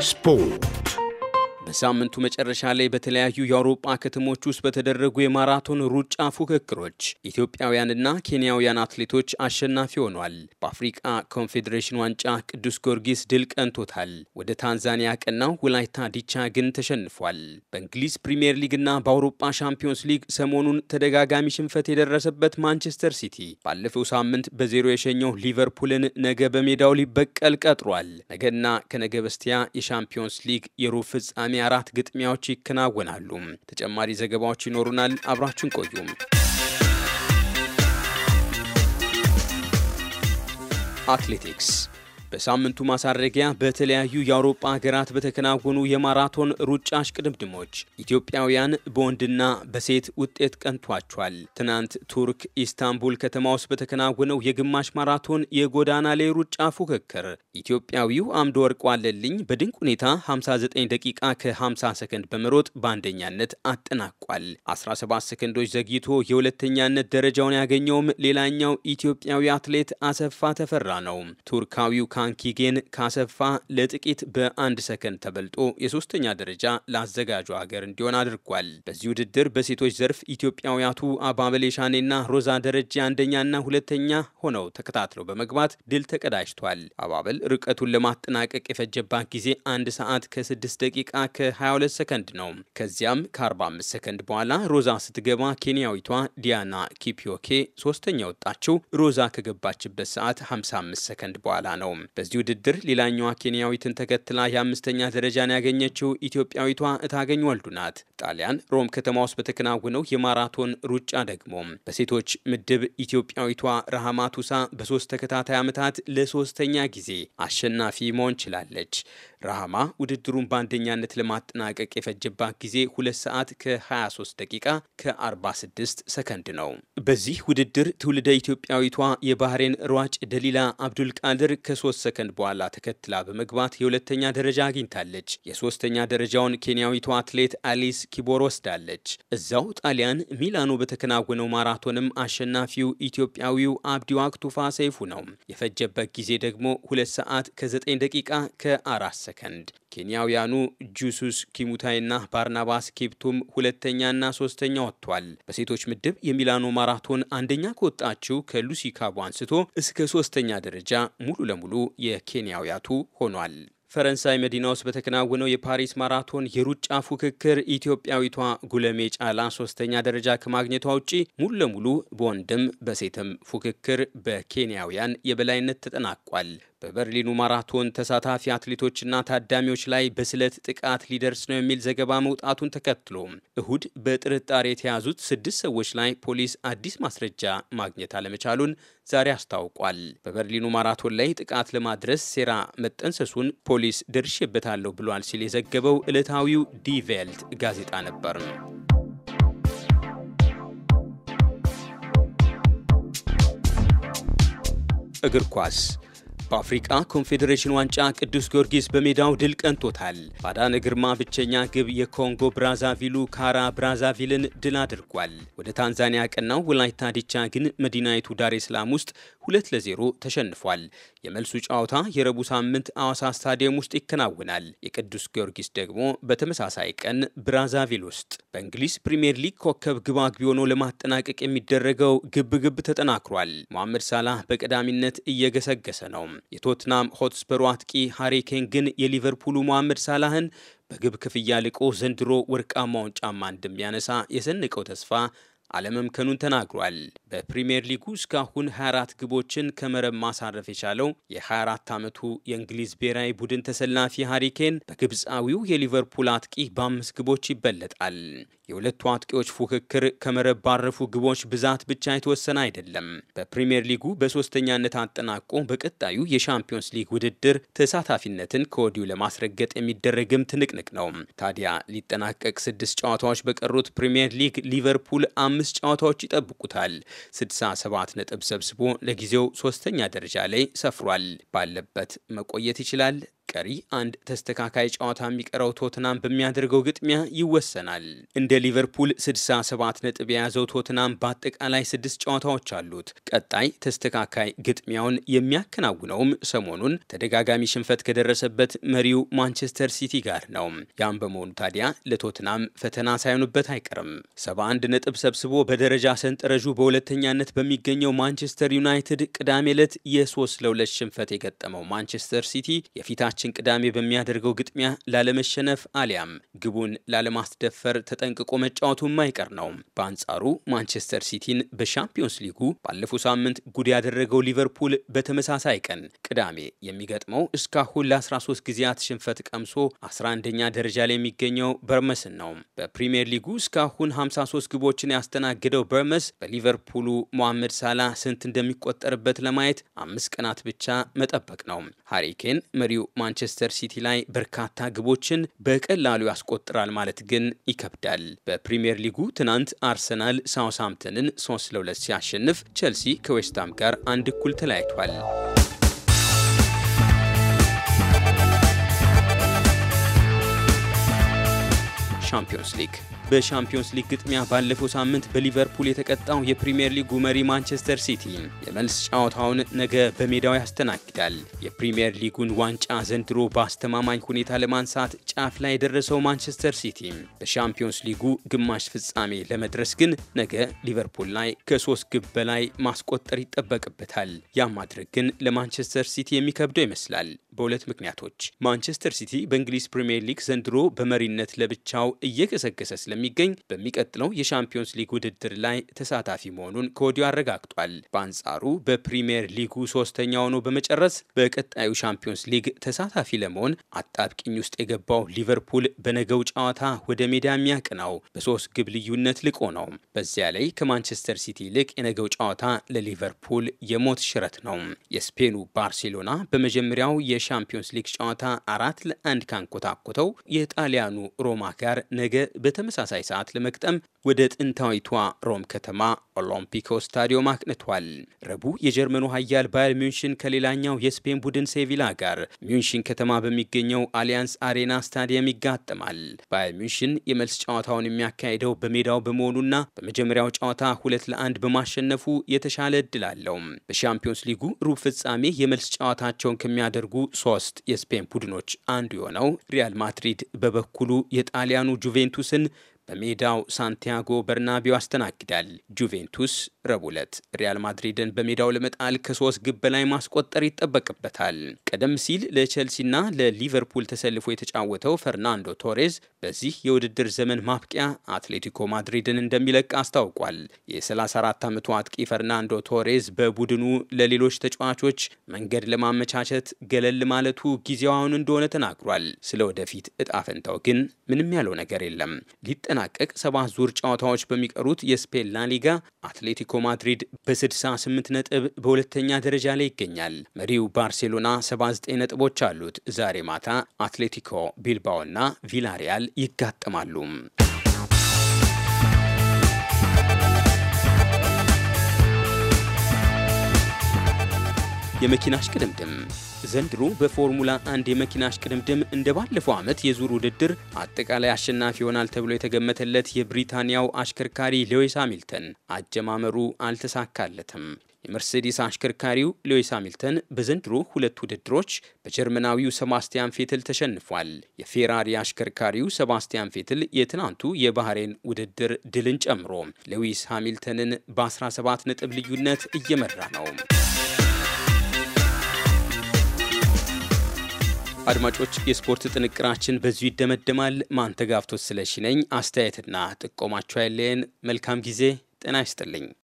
Sport. በሳምንቱ መጨረሻ ላይ በተለያዩ የአውሮፓ ከተሞች ውስጥ በተደረጉ የማራቶን ሩጫ ፉክክሮች ኢትዮጵያውያንና ኬንያውያን አትሌቶች አሸናፊ ሆኗል። በአፍሪቃ ኮንፌዴሬሽን ዋንጫ ቅዱስ ጊዮርጊስ ድል ቀንቶታል። ወደ ታንዛኒያ ቀናው ውላይታ ዲቻ ግን ተሸንፏል። በእንግሊዝ ፕሪምየር ሊግና በአውሮፓ ሻምፒዮንስ ሊግ ሰሞኑን ተደጋጋሚ ሽንፈት የደረሰበት ማንቸስተር ሲቲ ባለፈው ሳምንት በዜሮ የሸኘው ሊቨርፑልን ነገ በሜዳው ሊበቀል ቀጥሯል። ነገና ከነገ በስቲያ የሻምፒዮንስ ሊግ የሩብ ፍጻሜ ሰማንያ አራት ግጥሚያዎች ይከናወናሉ። ተጨማሪ ዘገባዎች ይኖሩናል። አብራችን ቆዩም። አትሌቲክስ በሳምንቱ ማሳረጊያ በተለያዩ የአውሮፓ ሀገራት በተከናወኑ የማራቶን ሩጫ አሽቅድምድሞች ኢትዮጵያውያን በወንድና በሴት ውጤት ቀንቷቸዋል። ትናንት ቱርክ ኢስታንቡል ከተማ ውስጥ በተከናወነው የግማሽ ማራቶን የጎዳና ላይ ሩጫ ፉክክር ኢትዮጵያዊው አምደ ወርቅ ዋለልኝ በድንቅ ሁኔታ 59 ደቂቃ ከ50 ሰከንድ በመሮጥ በአንደኛነት አጠናቋል። 17 ሰከንዶች ዘግይቶ የሁለተኛነት ደረጃውን ያገኘውም ሌላኛው ኢትዮጵያዊ አትሌት አሰፋ ተፈራ ነው። ቱርካዊው ካንኪጌን ካሰፋ ለጥቂት በአንድ ሰከንድ ተበልጦ የሶስተኛ ደረጃ ለአዘጋጁ ሀገር እንዲሆን አድርጓል። በዚህ ውድድር በሴቶች ዘርፍ ኢትዮጵያውያቱ አባበሌ ሻኔና ሮዛ ደረጀ አንደኛና ሁለተኛ ሆነው ተከታትለው በመግባት ድል ተቀዳጅቷል። አባበል ርቀቱን ለማጠናቀቅ የፈጀባት ጊዜ አንድ ሰዓት ከ6 ደቂቃ ከ22 ሰከንድ ነው። ከዚያም ከ45 ሰከንድ በኋላ ሮዛ ስትገባ ኬንያዊቷ ዲያና ኪፒዮኬ ሶስተኛ ወጣችው ሮዛ ከገባችበት ሰዓት 55 ሰከንድ በኋላ ነው። በዚህ ውድድር ሌላኛዋ ኬንያዊትን ተከትላ የአምስተኛ ደረጃን ያገኘችው ኢትዮጵያዊቷ እታገኝ ወልዱ ናት። ጣሊያን ሮም ከተማ ውስጥ በተከናወነው የማራቶን ሩጫ ደግሞ በሴቶች ምድብ ኢትዮጵያዊቷ ረሃማ ቱሳ በሶስት ተከታታይ ዓመታት ለሶስተኛ ጊዜ አሸናፊ መሆን ችላለች። ረሃማ ውድድሩን በአንደኛነት ለማጠናቀቅ የፈጀባት ጊዜ 2 ሰዓት ከ23 ደቂቃ ከ46 ሰከንድ ነው። በዚህ ውድድር ትውልደ ኢትዮጵያዊቷ የባህሬን ሯጭ ደሊላ አብዱልቃድር ከሶስት ከሶስት ሰከንድ በኋላ ተከትላ በመግባት የሁለተኛ ደረጃ አግኝታለች። የሶስተኛ ደረጃውን ኬንያዊቱ አትሌት አሊስ ኪቦር ወስዳለች። እዛው ጣሊያን ሚላኖ በተከናወነው ማራቶንም አሸናፊው ኢትዮጵያዊው አብዲ አክቱፋ ሰይፉ ነው። የፈጀበት ጊዜ ደግሞ ሁለት ሰዓት ከ9 ደቂቃ ከአራት ሰከንድ ኬንያውያኑ ጁሱስ ኪሙታይና ባርናባስ ኬፕቶም ሁለተኛና ሶስተኛ ወጥቷል። በሴቶች ምድብ የሚላኖ ማራቶን አንደኛ ከወጣችው ከሉሲ ካቦ አንስቶ እስከ ሶስተኛ ደረጃ ሙሉ ለሙሉ የኬንያውያቱ ሆኗል። ፈረንሳይ መዲና ውስጥ በተከናወነው የፓሪስ ማራቶን የሩጫ ፉክክር ኢትዮጵያዊቷ ጉለሜ ጫላ ሶስተኛ ደረጃ ከማግኘቷ ውጪ ሙሉ ለሙሉ በወንድም በሴትም ፉክክር በኬንያውያን የበላይነት ተጠናቋል። በበርሊኑ ማራቶን ተሳታፊ አትሌቶችና ታዳሚዎች ላይ በስለት ጥቃት ሊደርስ ነው የሚል ዘገባ መውጣቱን ተከትሎ እሁድ በጥርጣሬ የተያዙት ስድስት ሰዎች ላይ ፖሊስ አዲስ ማስረጃ ማግኘት አለመቻሉን ዛሬ አስታውቋል። በበርሊኑ ማራቶን ላይ ጥቃት ለማድረስ ሴራ መጠንሰሱን ፖሊስ ደርሼበታለሁ ብሏል ሲል የዘገበው ዕለታዊው ዲቬልት ጋዜጣ ነበር። እግር ኳስ በአፍሪቃ ኮንፌዴሬሽን ዋንጫ ቅዱስ ጊዮርጊስ በሜዳው ድል ቀንቶታል። በአዳነ ግርማ ብቸኛ ግብ የኮንጎ ብራዛቪሉ ካራ ብራዛቪልን ድል አድርጓል። ወደ ታንዛኒያ ቀናው ወላይታ ዲቻ ግን መዲናይቱ ዳሬ ሰላም ውስጥ ሁለት ለዜሮ ተሸንፏል። የመልሱ ጨዋታ የረቡ ሳምንት አዋሳ ስታዲየም ውስጥ ይከናወናል። የቅዱስ ጊዮርጊስ ደግሞ በተመሳሳይ ቀን ብራዛቪል ውስጥ በእንግሊዝ ፕሪምየር ሊግ ኮከብ ግብ አግቢ ሆኖ ለማጠናቀቅ የሚደረገው ግብግብ ተጠናክሯል። መሐመድ ሳላህ በቀዳሚነት እየገሰገሰ ነው። የቶትናም ሆትስፐሩ አጥቂ ሃሪኬን ግን የሊቨርፑሉ መሐመድ ሳላህን በግብ ክፍያ ልቆ ዘንድሮ ወርቃማውን ጫማ እንደሚያነሳ የሰነቀው ተስፋ አለመምከኑን ተናግሯል። በፕሪምየር ሊጉ እስካሁን 24 ግቦችን ከመረብ ማሳረፍ የቻለው የ24 ዓመቱ የእንግሊዝ ብሔራዊ ቡድን ተሰላፊ ሃሪኬን በግብፃዊው የሊቨርፑል አጥቂ በአምስት ግቦች ይበለጣል። የሁለቱ አጥቂዎች ፉክክር ከመረብ ባረፉ ግቦች ብዛት ብቻ የተወሰነ አይደለም። በፕሪምየር ሊጉ በሶስተኛነት አጠናቆ በቀጣዩ የሻምፒዮንስ ሊግ ውድድር ተሳታፊነትን ከወዲሁ ለማስረገጥ የሚደረግም ትንቅንቅ ነው። ታዲያ ሊጠናቀቅ ስድስት ጨዋታዎች በቀሩት ፕሪምየር ሊግ ሊቨርፑል አምስት ጨዋታዎች ይጠብቁታል። 67 ነጥብ ሰብስቦ ለጊዜው ሶስተኛ ደረጃ ላይ ሰፍሯል። ባለበት መቆየት ይችላል። ቀሪ አንድ ተስተካካይ ጨዋታ የሚቀረው ቶትናም በሚያደርገው ግጥሚያ ይወሰናል። እንደ ሊቨርፑል 67 ነጥብ የያዘው ቶትናም በአጠቃላይ ስድስት ጨዋታዎች አሉት። ቀጣይ ተስተካካይ ግጥሚያውን የሚያከናውነውም ሰሞኑን ተደጋጋሚ ሽንፈት ከደረሰበት መሪው ማንቸስተር ሲቲ ጋር ነው። ያም በመሆኑ ታዲያ ለቶትናም ፈተና ሳይሆኑበት አይቀርም። 71 ነጥብ ሰብስቦ በደረጃ ሰንጠረዡ በሁለተኛነት በሚገኘው ማንቸስተር ዩናይትድ ቅዳሜ ዕለት የሶስት ለሁለት ሽንፈት የገጠመው ማንቸስተር ሲቲ የፊታችን የፊታችን ቅዳሜ በሚያደርገው ግጥሚያ ላለመሸነፍ አሊያም ግቡን ላለማስደፈር ተጠንቅቆ መጫወቱ የማይቀር ነው። በአንጻሩ ማንቸስተር ሲቲን በሻምፒዮንስ ሊጉ ባለፈው ሳምንት ጉድ ያደረገው ሊቨርፑል በተመሳሳይ ቀን ቅዳሜ የሚገጥመው እስካሁን ለ13 ጊዜያት ሽንፈት ቀምሶ 11ኛ ደረጃ ላይ የሚገኘው በርመስን ነው። በፕሪምየር ሊጉ እስካሁን 53 ግቦችን ያስተናገደው በርመስ በሊቨርፑሉ ሞሐመድ ሳላ ስንት እንደሚቆጠርበት ለማየት አምስት ቀናት ብቻ መጠበቅ ነው። ሃሪኬን መሪው ማንቸስተር ሲቲ ላይ በርካታ ግቦችን በቀላሉ ያስቆጥራል ማለት ግን ይከብዳል። በፕሪምየር ሊጉ ትናንት አርሰናል ሳውስሃምፕተንን 3 ለ2 ሲያሸንፍ፣ ቸልሲ ከዌስትሃም ጋር አንድ እኩል ተለያይቷል። ሻምፒዮንስ ሊግ በሻምፒዮንስ ሊግ ግጥሚያ ባለፈው ሳምንት በሊቨርፑል የተቀጣው የፕሪምየር ሊጉ መሪ ማንቸስተር ሲቲ የመልስ ጨዋታውን ነገ በሜዳው ያስተናግዳል። የፕሪምየር ሊጉን ዋንጫ ዘንድሮ በአስተማማኝ ሁኔታ ለማንሳት ጫፍ ላይ የደረሰው ማንቸስተር ሲቲ በሻምፒዮንስ ሊጉ ግማሽ ፍጻሜ ለመድረስ ግን ነገ ሊቨርፑል ላይ ከሶስት ግብ በላይ ማስቆጠር ይጠበቅበታል። ያ ማድረግ ግን ለማንቸስተር ሲቲ የሚከብደው ይመስላል። በሁለት ምክንያቶች ማንቸስተር ሲቲ በእንግሊዝ ፕሪምየር ሊግ ዘንድሮ በመሪነት ለብቻው እየገሰገሰ ስለሚገኝ በሚቀጥለው የሻምፒዮንስ ሊግ ውድድር ላይ ተሳታፊ መሆኑን ከወዲሁ አረጋግጧል። በአንጻሩ በፕሪምየር ሊጉ ሶስተኛ ሆኖ በመጨረስ በቀጣዩ ሻምፒዮንስ ሊግ ተሳታፊ ለመሆን አጣብቂኝ ውስጥ የገባው ሊቨርፑል በነገው ጨዋታ ወደ ሜዳ የሚያቀናው በሶስት ግብ ልዩነት ልቆ ነው። በዚያ ላይ ከማንቸስተር ሲቲ ይልቅ የነገው ጨዋታ ለሊቨርፑል የሞት ሽረት ነው። የስፔኑ ባርሴሎና በመጀመሪያው የሻምፒዮንስ ሊግ ጨዋታ አራት ለአንድ ካንኮታኮተው የጣሊያኑ ሮማ ጋር ነገ በተመሳሳይ ሰዓት ለመግጠም ወደ ጥንታዊቷ ሮም ከተማ ኦሎምፒኮ ስታዲዮም አቅንቷል። ረቡዕ የጀርመኑ ኃያል ባየር ሚንሽን ከሌላኛው የስፔን ቡድን ሴቪላ ጋር ሚንሽን ከተማ በሚገኘው አሊያንስ አሬና ስታዲየም ይጋጠማል። ባየር ሚንሽን የመልስ ጨዋታውን የሚያካሂደው በሜዳው በመሆኑና በመጀመሪያው ጨዋታ ሁለት ለአንድ በማሸነፉ የተሻለ እድል አለው። በሻምፒዮንስ ሊጉ ሩብ ፍጻሜ የመልስ ጨዋታቸውን ከሚያደርጉ ሶስት የስፔን ቡድኖች አንዱ የሆነው ሪያል ማድሪድ በበኩሉ የጣሊያኑ ጁቬንቱስን በሜዳው ሳንቲያጎ በርናቢዮ አስተናግዳል። ጁቬንቱስ ረቡዕ ዕለት ሪያል ማድሪድን በሜዳው ለመጣል ከሶስት ግብ በላይ ማስቆጠር ይጠበቅበታል። ቀደም ሲል ለቼልሲና ለሊቨርፑል ተሰልፎ የተጫወተው ፈርናንዶ ቶሬዝ በዚህ የውድድር ዘመን ማብቂያ አትሌቲኮ ማድሪድን እንደሚለቅ አስታውቋል። የ34 ዓመቱ አጥቂ ፈርናንዶ ቶሬዝ በቡድኑ ለሌሎች ተጫዋቾች መንገድ ለማመቻቸት ገለል ማለቱ ጊዜው አሁን እንደሆነ ተናግሯል። ስለ ወደፊት እጣ ፈንታው ግን ምንም ያለው ነገር የለም። ሊጠናቀቅ ሰባት ዙር ጨዋታዎች በሚቀሩት የስፔን ላሊጋ አትሌቲኮ አትሌቲኮ ማድሪድ በ68 ነጥብ በሁለተኛ ደረጃ ላይ ይገኛል። መሪው ባርሴሎና 79 ነጥቦች አሉት። ዛሬ ማታ አትሌቲኮ እና ቪላሪያል ይጋጠማሉ። የመኪና እሽቅድምድም ዘንድሮ በፎርሙላ አንድ የመኪና እሽቅድምድም እንደ ባለፈው ዓመት የዙር ውድድር አጠቃላይ አሸናፊ ይሆናል ተብሎ የተገመተለት የብሪታንያው አሽከርካሪ ሌዊስ ሃሚልተን አጀማመሩ አልተሳካለትም። የመርሴዲስ አሽከርካሪው ሌዊስ ሃሚልተን በዘንድሮ ሁለት ውድድሮች በጀርመናዊው ሰባስቲያን ፌትል ተሸንፏል። የፌራሪ አሽከርካሪው ሰባስቲያን ፌትል የትናንቱ የባህሬን ውድድር ድልን ጨምሮ ሌዊስ ሃሚልተንን በ17 ነጥብ ልዩነት እየመራ ነው። አድማጮች፣ የስፖርት ጥንቅራችን በዚሁ ይደመደማል። ማንተጋፍቶት ስለሺ ነኝ። አስተያየትና ጥቆማችሁ አይለየን። መልካም ጊዜ። ጤና ይስጥልኝ።